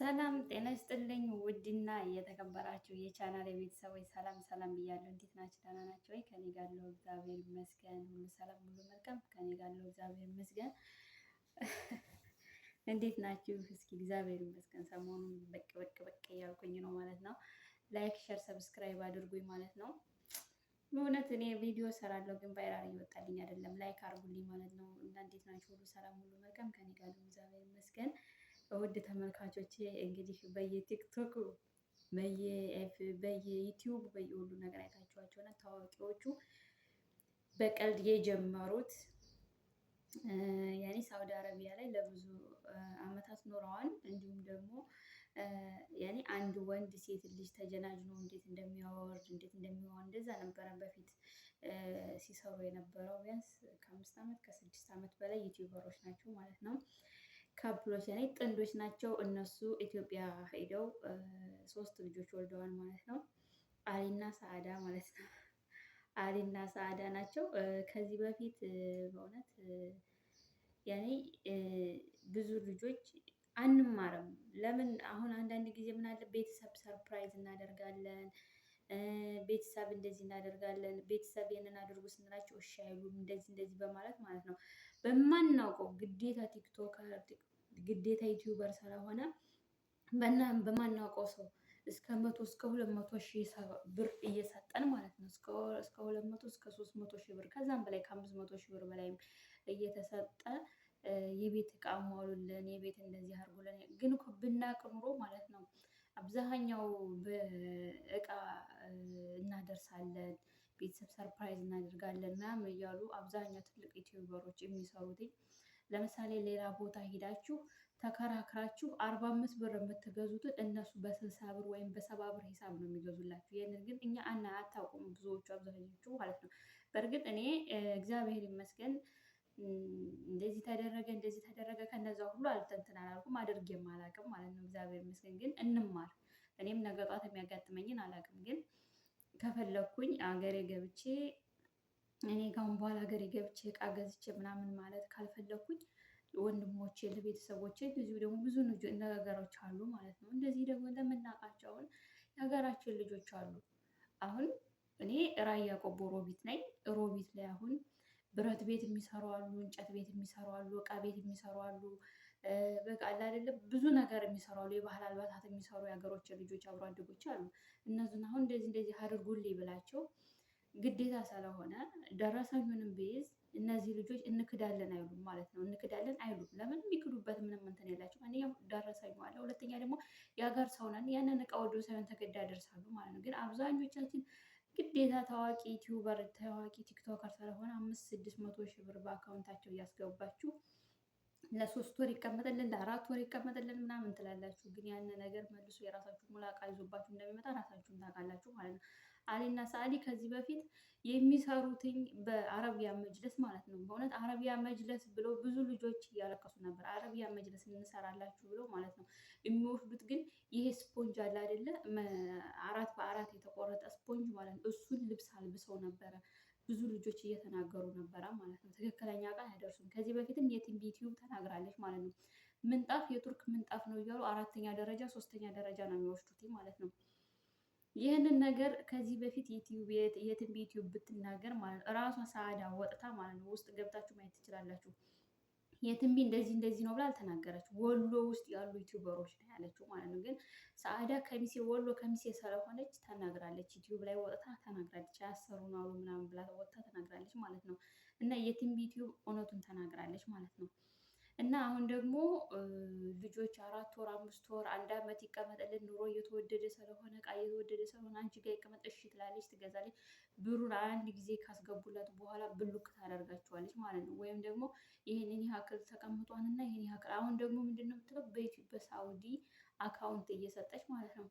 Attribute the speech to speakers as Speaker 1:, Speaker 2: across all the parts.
Speaker 1: ሰላም ጤና ይስጥልኝ። ውድና እየተከበራችሁ የቻናል የቤተሰቦች ሰላም ሰላም ብያለሁ። እንዴት ናችሁ? ደህና ናችሁ ወይ? ከኔ ጋር ያለው እግዚአብሔር ይመስገን ሁሉ ሰላም ሁሉ መልካም፣ ከኔ ጋር ያለው እግዚአብሔር ይመስገን። እንዴት ናችሁ? እስኪ እግዚአብሔር ይመስገን። ሰሞኑን በቅ በቅ በቅ እያልኩኝ ነው ማለት ነው። ላይክ፣ ሸር፣ ሰብስክራይብ አድርጉኝ ማለት ነው። በእውነት እኔ ቪዲዮ ሰራለሁ ግን ቫይራል እየወጣልኝ አይደለም። ላይክ አድርጉልኝ ማለት ነው። እና እንዴት ናችሁ? ሁሉ ሰላም ሁሉ መልካም፣ ከኔ ጋር ያለው እግዚአብሔር ይመስገን። ውድ ተመልካቾቼ እንግዲህ በየቲክቶክ በየዩቲዩብ በየሁሉ ነገር አይታችኋቸውና ታዋቂዎቹ በቀልድ የጀመሩት ያኔ ሳውዲ አረቢያ ላይ ለብዙ አመታት ኖረዋል። እንዲሁም ደግሞ ያኔ አንድ ወንድ ሴት ልጅ ተጀናጅኖ እንዴት እንደሚያወርድ እንዴት እንደሚሆን እንደዛ ነበረ በፊት ሲሰሩ የነበረው። ቢያንስ ከአምስት ዓመት ከስድስት ዓመት በላይ ዩቲዩበሮች ናቸው ማለት ነው። ካፕሎች ላይ ጥንዶች ናቸው። እነሱ ኢትዮጵያ ሄደው ሶስት ልጆች ወልደዋል ማለት ነው። አሊና ሰአዳ ማለት ነው። አሊና ሰአዳ ናቸው። ከዚህ በፊት በእውነት ያኔ ብዙ ልጆች አንማርም። ለምን አሁን አንዳንድ ጊዜ ምን አለ ቤተሰብ ሰርፕራይዝ እናደርጋለን፣ ቤተሰብ እንደዚህ እናደርጋለን፣ ቤተሰብ ይህንን አድርጉ ስንላቸው እሺ አይሉም። እንደዚህ እንደዚህ በማለት ማለት ነው በማናውቀው ግዴታ ቲክቶከር ግዴታ ዩቲዩበር ስለሆነ በማናውቀው ሰው እስከ መቶ እስከ ሁለት መቶ ሺህ ብር እየሰጠን ማለት ነው። እስከ ሁለት መቶ እስከ ሶስት መቶ ሺህ ብር ከዛም በላይ ከአምስት መቶ ሺህ ብር በላይ እየተሰጠ የቤት እቃ ሟሉልን፣ የቤት እንደዚህ አድርጉልን። ግን ብናቅ ኑሮ ማለት ነው አብዛኛው በእቃ እናደርሳለን። ቤተሰብ ሰርፕራይዝ እናደርጋለን ምናምን እያሉ አብዛኛው ትልቅ ዩቲዩበሮች የሚሰሩትኝ። ለምሳሌ ሌላ ቦታ ሂዳችሁ ተከራክራችሁ አርባ አምስት ብር የምትገዙትን እነሱ በስልሳ ብር ወይም በሰባ ብር ሂሳብ ነው የሚገዙላችሁ። ይህንን ግን እኛ አና አታውቁም ብዙዎቹ አብዛኞቹ ማለት ነው። በእርግጥ እኔ እግዚአብሔር ይመስገን እንደዚህ ተደረገ እንደዚህ ተደረገ ከነዛ ሁሉ አልተንትን አላልኩም አድርጌም አላውቅም ማለት ነው። እግዚአብሔር ይመስገን ግን እንማር። እኔም ነገ ጧት የሚያጋጥመኝን አላውቅም ግን ከፈለግኩኝ አገሬ ገብቼ እኔ ካሁን በኋላ አገሬ ገብቼ እቃ ገዝቼ ምናምን ማለት ካልፈለግኩኝ ወንድሞቼ ለቤተሰቦቼ ብዙ ደግሞ ብዙ ነገሮች አሉ ማለት ነው። እንደዚህ ደግሞ ለምናውቃቸው አሁን የሀገራችን ልጆች አሉ። አሁን እኔ ራያ ቆቦ ሮቢት ነኝ። ሮቢት ላይ አሁን ብረት ቤት የሚሰሩ አሉ፣ እንጨት ቤት የሚሰሩ አሉ፣ እቃ ቤት የሚሰሩ አሉ በቃ አይደለም ብዙ ነገር አሉ የባህል አልባሳት የሚሰሩ የሀገሮች ልጆች አብሮ አደጎች አሉ። እነዚህን አሁን እንደዚህ እንደዚህ አድርጉልኝ ብላቸው ግዴታ ስለሆነ ደረሰኙንም ብይዝ እነዚህ ልጆች እንክዳለን አይሉም ማለት ነው። እንክዳለን አይሉም። ለምን የሚክዱበት ምንም እንትን አንደኛ ደረሰኙ አለ፣ ሁለተኛ ደግሞ የሀገር ሰው ነን። ያንን እቃ ወዶ ሳይሆን ተገዳ ያደርሳሉ ማለት ነው። ግን አብዛኞቻችን ግዴታ ታዋቂ ዩቲዩበር፣ ታዋቂ ቲክቶከር ስለሆነ አምስት ስድስት መቶ ሺህ ብር በአካውንታቸው እያስገባችሁ ለሶስት ወር ይቀመጥልን ለአራት ወር ይቀመጥልን ምናምን ትላላችሁ። ግን ያን ነገር መልሶ የራሳችሁ ሙላቃ ይዞባችሁ እንደሚመጣ ራሳችሁን ታውቃላችሁ ማለት ነው። አሊና ሳአሊ ከዚህ በፊት የሚሰሩትኝ በአረቢያ መጅለስ ማለት ነው። በእውነት አረቢያ መጅለስ ብሎ ብዙ ልጆች እያለቀሱ ነበር። አረቢያ መጅለስ እንሰራላችሁ ብሎ ማለት ነው። የሚወስዱት ግን ይሄ ስፖንጅ አለ አይደለ? አራት በአራት የተቆረጠ ስፖንጅ ማለት ነው። እሱን ልብስ አልብሰው ነበረ ብዙ ልጆች እየተናገሩ ነበረ ማለት ነው። ትክክለኛ ቃል አይደርሱም። ከዚህ በፊትም የቲምቢ ተናግራለች ማለት ነው። ምንጣፍ የቱርክ ምንጣፍ ነው እያሉ አራተኛ ደረጃ ሶስተኛ ደረጃ ነው የሚወስዱት ማለት ነው። ይህንን ነገር ከዚህ በፊት የትንቢ ዩቲዩብ ብትናገር ማለት እራሷ ሳዳ ወጥታ ማለት ነው ውስጥ ገብታችሁ ማየት ትችላላችሁ። የትንቢ እንደዚህ እንደዚህ ነው ብላ አልተናገረች። ወሎ ውስጥ ያሉ ዩቲዩበሮች ነው ያለችው ማለት ነው። ግን ሰአዳ ከሚሴ ወሎ ከሚሴ ስለሆነች ተናግራለች። ዩቲዩብ ላይ ወጥታ ተናግራለች። አያሰሩን አሉ ምናምን ብላ ወጥታ ተናግራለች ማለት ነው። እና የትንቢ ዩቲዩብ እውነቱን ተናግራለች ማለት ነው። እና አሁን ደግሞ ልጆች አራት ወር አምስት ወር አንድ አመት ይቀመጥልን ኑሮ እየተወደደ ስለሆነ እቃ እየተወደደ ስለሆነ አንቺ ጋር ይቀመጥ እሺ ትላለች፣ ትገዛለች። ብሩን አንድ ጊዜ ካስገቡላት በኋላ ብሉክ ታደርጋቸዋለች ማለት ነው። ወይም ደግሞ ይህንን ያክል እና ይህን ያክል አሁን ደግሞ ምንድን ነው የምትለው በኢትዮጵያ በሳውዲ አካውንት እየሰጠች ማለት ነው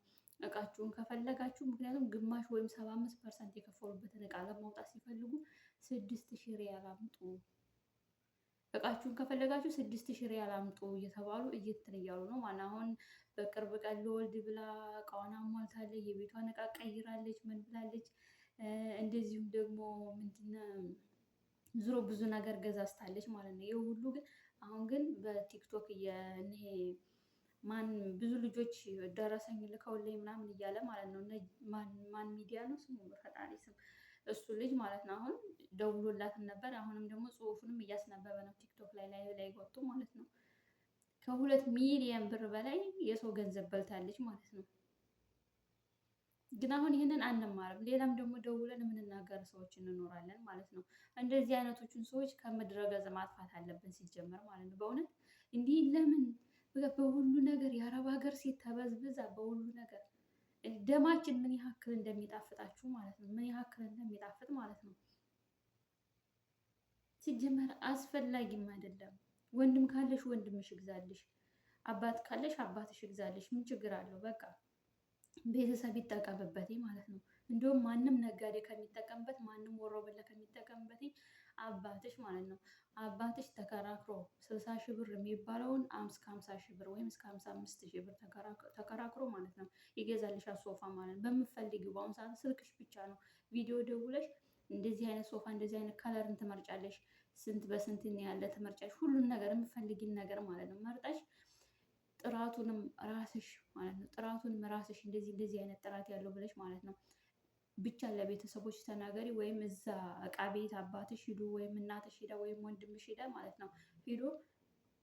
Speaker 1: እቃችሁን ከፈለጋችሁ ምክንያቱም ግማሽ ወይም ሰባ አምስት ፐርሰንት የከፈሉበትን እቃ ለማውጣት ሲፈልጉ ስድስት ሺ ሪያል አምጡ እቃችሁን ከፈለጋችሁ ስድስት ሺ ሪያል አምጡ እየተባሉ እየትን እያሉ ነው ማለት አሁን በቅርብ ቀን ልወልድ ብላ እቃዋን አሟልታለች። የቤቷን እቃ ቀይራለች፣ ምን ብላለች። እንደዚሁም ደግሞ ምንድነ ዙሮ ብዙ ነገር ገዛዝታለች ማለት ነው። ይህ ሁሉ ግን አሁን ግን በቲክቶክ እኔ ማን ብዙ ልጆች ደረሰኝ ልከውልኝ ምናምን እያለ ማለት ነው። ማን ሚዲያ ነው ስሙ? በፈጣሪ ስም እሱ ልጅ ማለት ነው። አሁን ደውሎላትን ነበር። አሁንም ደግሞ ጽሁፉንም እያስነበበ ነው ቲክቶክ ላይ ላይ ላይ ወጥቶ ማለት ነው። ከሁለት ሚሊየን ብር በላይ የሰው ገንዘብ በልታለች ማለት ነው። ግን አሁን ይህንን አንማርም። ሌላም ደግሞ ደውለን የምንናገር ሰዎች እንኖራለን ማለት ነው። እንደዚህ አይነቶችን ሰዎች ከምድረገጽ ማጥፋት አለብን ሲጀመር ማለት ነው። በእውነት እንዲህ ለምን በሁሉ ነገር የአረብ ሀገር ሴት ተበዝብዛ በሁሉ ነገር ደማችን ምን ያክል እንደሚጣፍጣችሁ ማለት ነው። ምን ያክል እንደሚጣፍጥ ማለት ነው። ሲጀመር አስፈላጊም አይደለም። ወንድም ካለሽ ወንድምሽ ይግዛልሽ፣ አባት ካለሽ አባትሽ ይግዛልሽ። ምን ችግር አለው? በቃ ቤተሰብ ይጠቀምበት ማለት ነው። እንዲሁም ማንም ነጋዴ ከሚጠቀምበት፣ ማንም ወሮበለ ከሚጠቀምበት አባትሽ ማለት ነው። አባትሽ ተከራክሮ ስልሳ ሺህ ብር የሚባለውን እስከ ሀምሳ ሺህ ብር ወይም እስከ ሀምሳ አምስት ሺህ ብር ተከራክሮ ማለት ነው ይገዛልሽ ሶፋ ማለት ነው። በምትፈልጊው በአሁኑ ሰዓት ስልክሽ ብቻ ነው ቪዲዮ ደውለሽ እንደዚህ አይነት ሶፋ እንደዚህ አይነት ከለርን ትመርጫለሽ፣ ስንት በስንት ያለ ትመርጫለሽ። ሁሉን ነገር የምፈልጊን ነገር ማለት ነው መርጠሽ ጥራቱንም ራስሽ ማለት ነው ጥራቱንም ራስሽ እንደዚህ እንደዚህ አይነት ጥራት ያለው ብለሽ ማለት ነው ብቻ ለቤተሰቦች ተናገሪ፣ ወይም እዛ እቃ ቤት አባትሽ ሂዱ፣ ወይም እናትሽ ሄደ ወይም ወንድምሽ ሄደ ማለት ነው ሂዶ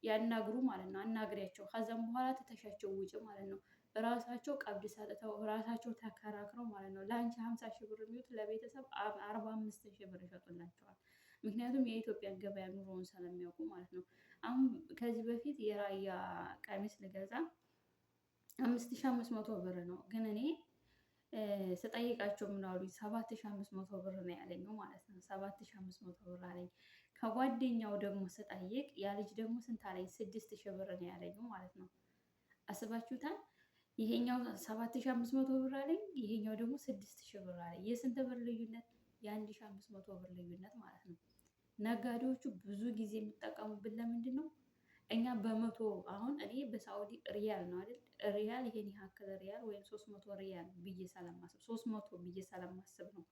Speaker 1: ያናግሩ ማለት ነው። አናግሪያቸው። ከዛም በኋላ ትተሻቸው ውጭ ማለት ነው። ራሳቸው ቀብድ ሰጥተው ራሳቸው ተከራክረው ማለት ነው። ለአንቺ ሀምሳ ሺህ ብር የሚሉት ለቤተሰብ አርባ አምስት ሺህ ብር ይሸጡላቸዋል። ምክንያቱም የኢትዮጵያን ገበያ ኑሮውን ስለሚያውቁ ማለት ነው። አሁን ከዚህ በፊት የራያ ቀሚስ ልገዛ አምስት ሺህ አምስት መቶ ብር ነው ግን እኔ ስጠይቃቸው ምን አሉኝ? ሰባት ሺህ አምስት መቶ ብር ነው ያለኝው ማለት ነው። ሰባት ሺህ አምስት መቶ ብር አለኝ። ከጓደኛው ደግሞ ስጠይቅ ያ ልጅ ደግሞ ስንት አለኝ? ስድስት ሺህ ብር ነው ያለኝው ማለት ነው። አስባችሁታል? ይሄኛው ሰባት ሺህ አምስት መቶ ብር አለኝ፣ ይሄኛው ደግሞ ስድስት ሺህ ብር አለኝ። የስንት ብር ልዩነት? የአንድ ሺህ አምስት መቶ ብር ልዩነት ማለት ነው። ነጋዴዎቹ ብዙ ጊዜ የሚጠቀሙብን ለምንድን ነው? እኛ በመቶ አሁን እኔ በሳውዲ ሪያል ነው አይደል ሪያል ይሄን ያክል ሪያል ወይም ሶስት መቶ ሪያል ብዬ ሳላማስብ ሶስት መቶ ብዬ ሳላማስብ ነው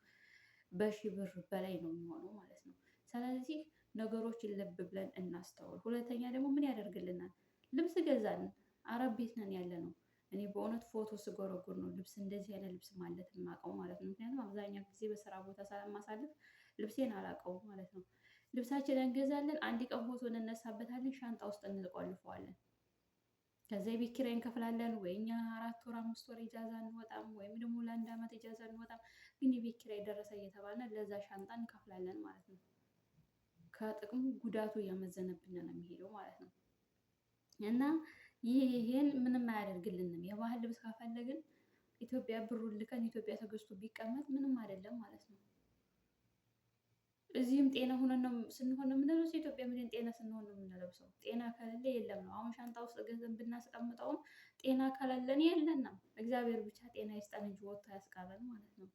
Speaker 1: በሺ ብር በላይ ነው የሚሆነው ማለት ነው። ስለዚህ ነገሮች ልብ ብለን እናስተውል። ሁለተኛ ደግሞ ምን ያደርግልናል? ልብስ ገዛልን። አረብ ቤት ነን ያለ ነው። እኔ በእውነት ፎቶ ስጎረጉር ነው ልብስ እንደዚህ ያለ ልብስ ማለት የማውቀው ማለት ነው። ምክንያቱም አብዛኛው ጊዜ በስራ ቦታ ሳላማሳልፍ ልብሴን አላውቀው ማለት ነው። ልብሳችን እንገዛለን። አንድ ቀን ፎቶ እንነሳበታለን። ሻንጣ ውስጥ እንቆልፈዋለን። ከዚያ የቤት ኪራይ እንከፍላለን ወይ እኛ አራት ወር አምስት ወር ኢጃዛ እንወጣም ወይም ደግሞ ለአንድ ዓመት ኢጃዛ እንወጣም፣ ግን የቤት ኪራይ ደረሰ እየተባለ ለዛ ሻንጣ እንከፍላለን ማለት ነው። ከጥቅሙ ጉዳቱ እያመዘነብን ነው የሚሄደው ማለት ነው። እና ይሄን ምንም አያደርግልንም። የባህል ልብስ ካፈለግን ኢትዮጵያ ብሩን ልከን ኢትዮጵያ ተገዝቶ ቢቀመጥ ምንም አይደለም ማለት ነው። እዚህም ጤና ሆነን ነው ስንሆን ነው የምንለብሰው። ኢትዮጵያ ምድን ጤና ስንሆን ነው የምንለብሰው። ጤና ከሌለ የለም ነው። አሁን ሻንጣ ውስጥ ገንዘብ ብናስቀምጠውም ጤና ከሌለን የለንም። እግዚአብሔር ብቻ ጤና ይስጠን እንጂ ወጥቶ ያስቀረን ማለት ነው።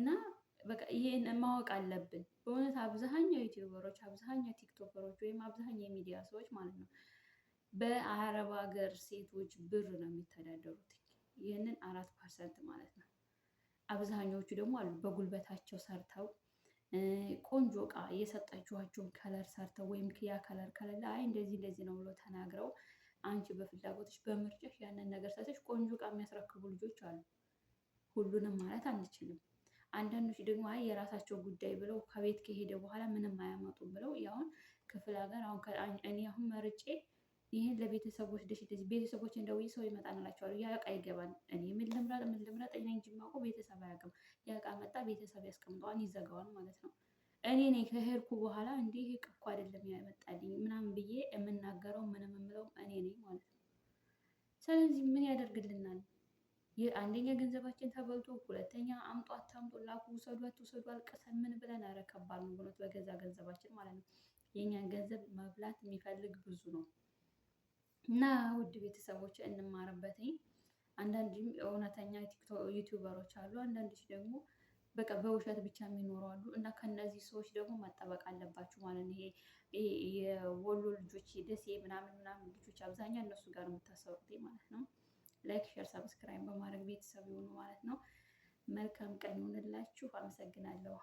Speaker 1: እና በቃ ይሄን ማወቅ አለብን። በእውነት አብዛኛው ዩቲዩበሮች፣ አብዛኛው ቲክቶከሮች ወይም አብዛኛው የሚዲያ ሰዎች ማለት ነው በአረብ ሀገር ሴቶች ብር ነው የሚተዳደሩት። ይህንን አራት ፐርሰንት ማለት ነው። አብዛኞቹ ደግሞ አሉ በጉልበታቸው ሰርተው ቆንጆ እቃ የሰጣችኋቸውን ከለር ሰርተው ወይም ክያ ከለር ከሌለ አይ እንደዚህ እንደዚህ ነው ብሎ ተናግረው አንቺ በፍላጎትሽ በምርጫሽ ያንን ነገር ሰርተሽ ቆንጆ እቃ የሚያስረክቡ ልጆች አሉ። ሁሉንም ማለት አንችልም። አንዳንዶች ደግሞ አይ የራሳቸው ጉዳይ ብለው ከቤት ከሄደ በኋላ ምንም አያመጡም ብለው ያሁን ክፍለ ሀገር አሁን እኔ አሁን መርጬ ይህን ለቤተሰቦች ደሽ ደስ ቤተሰቦች እንደውይ ሰው ይመጣ እንላቸዋሉ። ያ ዕቃ ይገባል። እኔ ምን ልምረጥ ምን ልምረጥ እኔ እንጂ ማቆ ቤተሰብ አያውቅም። ያ ዕቃ መጣ፣ ቤተሰብ ያስቀምጠዋል፣ ይዘጋዋል ማለት ነው። እኔ ነኝ ከሄድኩ በኋላ እንዲህ ዕቃ እኮ አይደለም ያመጣልኝ ምናምን ብዬ የምናገረው ምንም የምለው እኔ ነኝ ማለት ነው። ስለዚህ ምን ያደርግልናል? አንደኛ ገንዘባችን ተበልቶ፣ ሁለተኛ አምጧ አታምጡ፣ ላኩ፣ ውሰዱ፣ አትውሰዱ አልቀሰን ምን ብለን ያረከባል በገዛ ገንዘባችን ማለት ነው። የእኛን ገንዘብ መብላት የሚፈልግ ብዙ ነው። እና ውድ ቤተሰቦች እንማርበት። አንዳንድ እውነተኛ ዩቲዩበሮች አሉ፣ አንዳንዶች ደግሞ በቃ በውሸት ብቻ የሚኖሩ አሉ። እና ከነዚህ ሰዎች ደግሞ መጠበቅ አለባችሁ ማለት ነው። ይሄ የወሎ ልጆች ደሴ ምናምን ምናምን ልጆች አብዛኛው እነሱ ጋር የምታሰሩት ማለት ነው። ላይክ፣ ሼር፣ ሰብስክራይብ በማድረግ ቤተሰብ የሆኑ ማለት ነው። መልካም ቀን ይሁንላችሁ። አመሰግናለሁ።